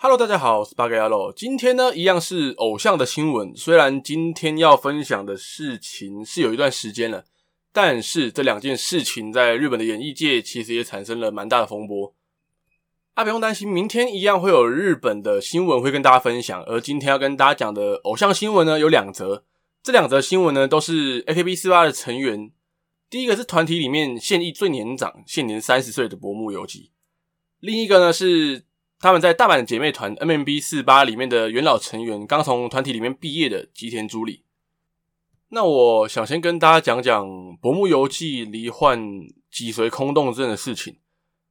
Hello，大家好，我是八哥阿洛。今天呢，一樣是偶像的新聞。雖然今天要分享的事情是有一段時間了，但是這兩件事情在日本的演藝界其實也產生了蠻大的風波。啊，不用擔心，明天一樣會有日本的新聞會跟大家分享。而今天要跟大家講的偶像新聞呢，有兩則。這兩則新聞呢，都是 AKB 四八的成員。第一個是團體裡面現役最年長，現年三十歲的柏木由紀。另一個呢是。他們在大阪的姐妹團 NMB48 裡面的元老成員，剛從團體裡面畢業的吉田朱里。那我想先跟大家講講柏木由紀罹患脊髓空洞症的事情。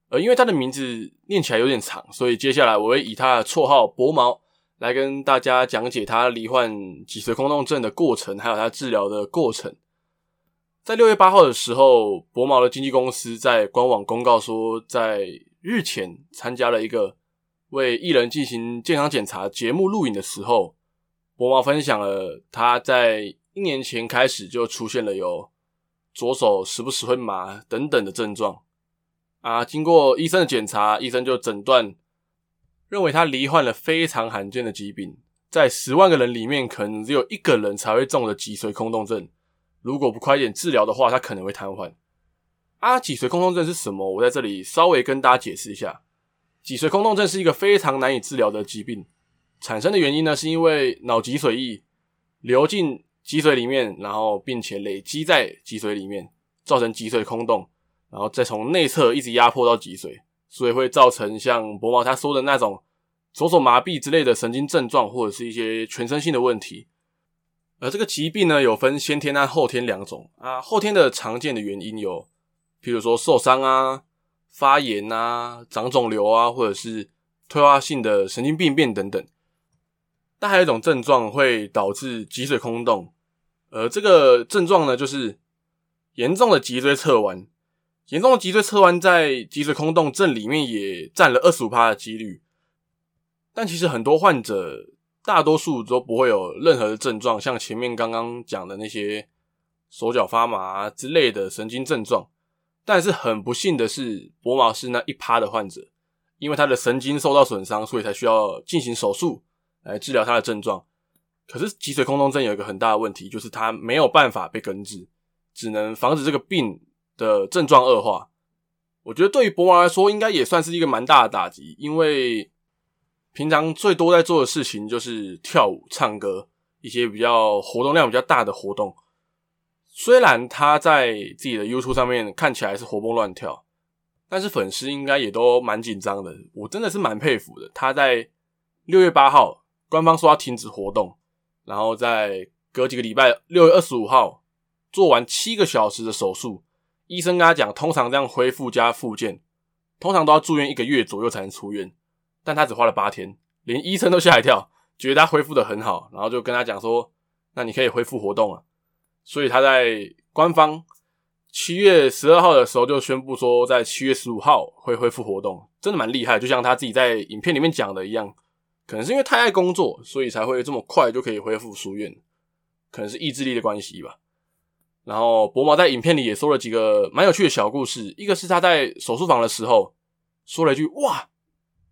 呃，因為他的名字念起來有點長，所以接下來我會以他的綽號薄毛來跟大家講解他罹患脊髓空洞症的過程，還有他治療的過程。在六月八號的時候，薄毛的經紀公司在官網公告說，在日前參加了一個。為藝人進行健康檢查，節目錄影的時候，柏木分享了他在一年前開始就出現了有左手時不時會麻等等的症狀。啊，經過醫生的檢查，醫生就診斷認為他罹患了非常罕見的疾病，在十萬個人裡面可能只有一個人才會中的脊髓空洞症。如果不快點治療的話，他可能會癱瘓。啊，脊髓空洞症是什麼？我在這裡稍微跟大家解釋一下。脊髓空洞症是一個非常難以治療的疾病，產生的原因呢，是因為腦脊髓液流進脊髓裡面，然後並且累積在脊髓裡面，造成脊髓空洞，然後再從內側一直壓迫到脊髓，所以會造成像柏木他說的那種手手麻痹之類的神經症狀，或者是一些全身性的問題。而這個疾病呢，有分先天和後天兩種啊，後天的常見的原因有，譬如說受傷啊。發炎啊，長腫瘤啊，或者是退化性的神經病變等等。但還有一種症狀會導致脊髓空洞，呃，這個症狀呢，就是嚴重的脊椎側彎。嚴重的脊椎側彎在脊髓空洞症裡面也占了二十五趴的幾率。但其實很多患者，大多數都不會有任何的症狀，像前面剛剛講的那些手腳發麻之類的神經症狀。但是很不幸的是，柏木是那一趴的患者，因為他的神經受到損傷，所以才需要進行手術來治療他的症狀。可是脊髓空洞症有一個很大的問題，就是它沒有辦法被根治，只能防止這個病的症狀惡化。我覺得對於柏木來說，應該也算是一個蠻大的打擊，因為平常最多在做的事情就是跳舞、唱歌，一些比較活動量比較大的活動。雖然他在自己的 YouTube 上面看起來是活蹦亂跳，但是粉絲應該也都蠻緊張的。我真的是蠻佩服的。他在六月八號，官方說要停止活動，然後在隔幾個禮拜，六月二十五號做完七個小時的手術。醫生跟他講，通常這樣恢復加復健，通常都要住院一個月左右才能出院，但他只花了八天，連醫生都嚇一跳，覺得他恢復得很好，然後就跟他講說，那你可以恢復活動了啊。所以他在官方七月十二號的時候就宣布說，在七月十五號會恢復活動，真的蠻厲害。就像他自己在影片裡面講的一樣，可能是因為太愛工作，所以才會這麼快就可以恢復出院，可能是意志力的關係吧。然後柏木在影片裡也說了幾個蠻有趣的小故事，一個是他在手術房的時候說了一句：“哇，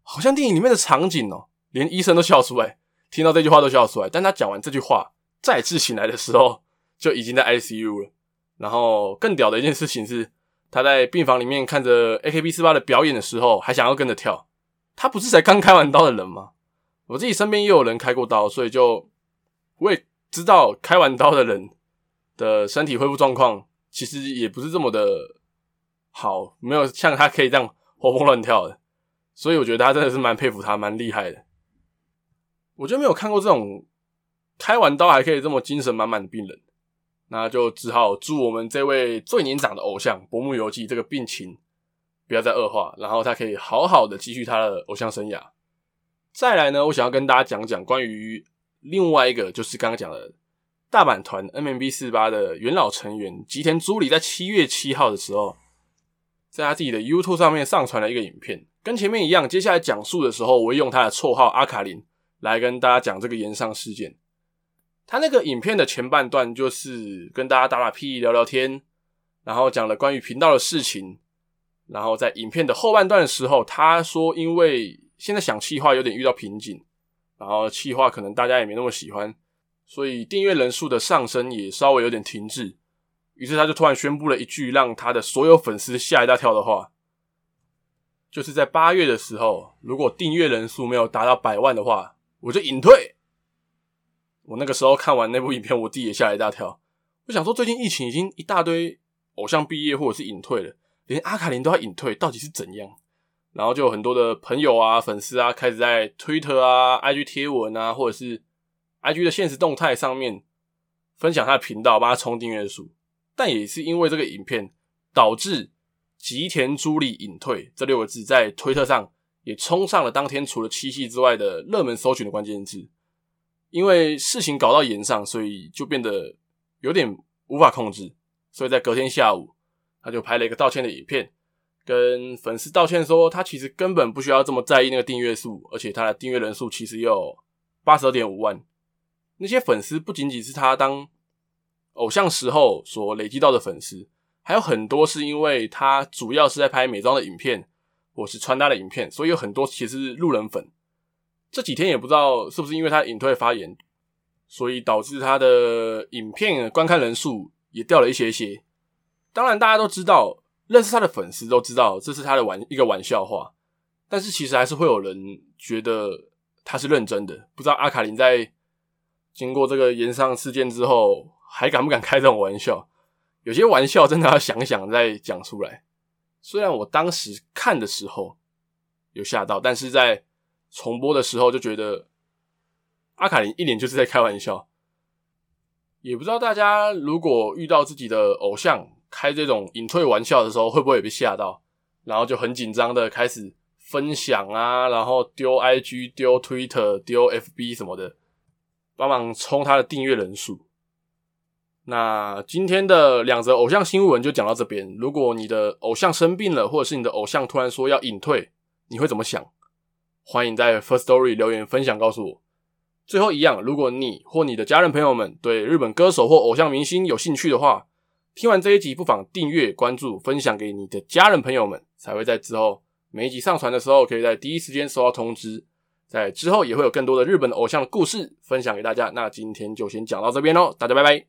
好像電影裡面的場景哦、喔，連醫生都笑出來，聽到這句話都笑出來。”但他講完這句話再次醒來的時候。就已經在 ICU 了。然後更屌的一件事情是，他在病房裡面看着 AKB 四八的表演的時候，還想要跟着跳。他不是才剛開完刀的人嗎？我自己身邊也有人開過刀，所以就我也知道開完刀的人的身體恢復狀況其實也不是這麼的好，沒有像他可以這樣活蹦亂跳的。所以我覺得他真的是蠻佩服他，蠻厲害的。我就沒有看過這種開完刀還可以這麼精神滿滿的病人。那就只好祝我們這位最年長的偶像柏木由紀，這個病情不要再惡化，然後他可以好好的繼續他的偶像生涯。再來呢，我想要跟大家講講關於另外一個，就是剛剛講的大阪團 NMB48 的元老成員吉田朱里，在七月七號的時候，在他自己的 YouTube 上面上傳了一個影片，跟前面一樣，接下來講述的時候，我會用他的綽號阿卡林，來跟大家講這個炎上事件。他那個影片的前半段就是跟大家打打屁、聊聊天，然後講了關於頻道的事情。然後在影片的後半段的時候，他說因為現在想企劃有點遇到瓶頸，然後企劃可能大家也沒那麼喜歡，所以訂閱人數的上升也稍微有點停滯。於是他就突然宣布了一句讓他的所有粉絲嚇一大跳的話，就是在八月的時候，如果訂閱人數沒有達到百萬的話，我就隱退。我那個時候看完那部影片，我自己也嚇了一大跳。我想說，最近疫情已經一大堆偶像畢業或者是隱退了，連阿卡林都要隱退，到底是怎樣？然後就有很多的朋友啊、粉絲啊，開始在推特啊、IG 貼文啊，或者是 IG 的限時動態上面分享他的頻道，幫他衝訂閱數。但也是因為這個影片，導致吉田朱里隱退這六個字在推特上也衝上了當天除了七夕之外的熱門搜尋的關鍵字。因為事情搞到炎上，所以就變得有點無法控制。所以在隔天下午，他就拍了一個道歉的影片，跟粉絲道歉說，他其實根本不需要這麼在意那個訂閱數，而且他的訂閱人數其實有八十二點五萬。那些粉絲不僅僅是他當偶像時候所累積到的粉絲，還有很多是因為他主要是在拍美妝的影片或是穿搭的影片，所以有很多其實是路人粉。這幾天也不知道是不是因為他引退的發言，所以導致他的影片的觀看人數也掉了一些些。當然，大家都知道，認識他的粉絲都知道這是他的玩一個玩笑話，但是其實還是會有人覺得他是認真的。不知道阿卡林在經過這個炎上事件之後，還敢不敢開這種玩笑？有些玩笑真的要想想再講出來。雖然我當時看的時候有嚇到，但是在。重播的時候就覺得阿卡林一臉就是在開玩笑，也不知道大家如果遇到自己的偶像開這種隱退玩笑的時候，會不會也被嚇到，然後就很緊張的開始分享啊，然後丟 IG、丟 Twitter、丟 FB 什麼的，幫忙衝他的訂閱人數。那今天的兩則偶像新聞就講到這邊。如果你的偶像生病了，或者是你的偶像突然說要隱退，你會怎麼想？歡迎在 Firstory 留言分享，告訴我。最後一樣，如果你或你的家人朋友們對日本歌手或偶像明星有興趣的話，聽完這一集不妨訂閱、關注、分享給你的家人朋友們，才會在之後每一集上傳的時候，可以在第一時間收到通知。在之後也會有更多的日本偶像的故事分享給大家。那今天就先講到這邊哦，大家拜拜。